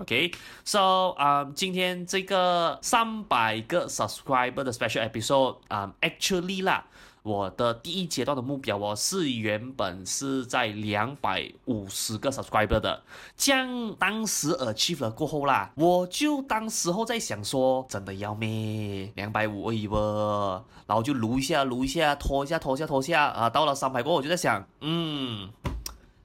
OK，so 啊，今天這個三百個 subscriber 的 special episode 啊，um，actually 啦，我的第一階段的目標哦，是原本是在兩百五十個 subscriber 的，這樣當時 achieve 了過後啦，我就當時候在想說，真的要咩？兩百五而已啵，然後就擼一下，擼一下，拖一下，拖一下，拖一下，啊，到了三百過後，我就在想，嗯。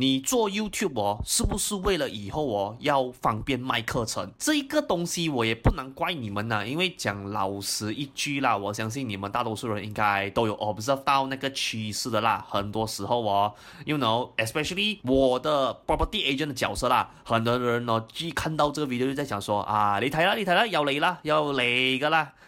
你做 YouTube 哦，是不是為了以後哦要方便賣課程？這一個東西我也不能怪你們呐、啊，因為講老實一句啦，我相信你們大多數人應該都有 observe 到那個趨勢的啦。很多時候哦，you know，especially 我的 property agent 的角色啦，很多人呢，一看到這個 video 就在想說啊，你睇啦，你睇啦，又嚟啦，又嚟噶啦。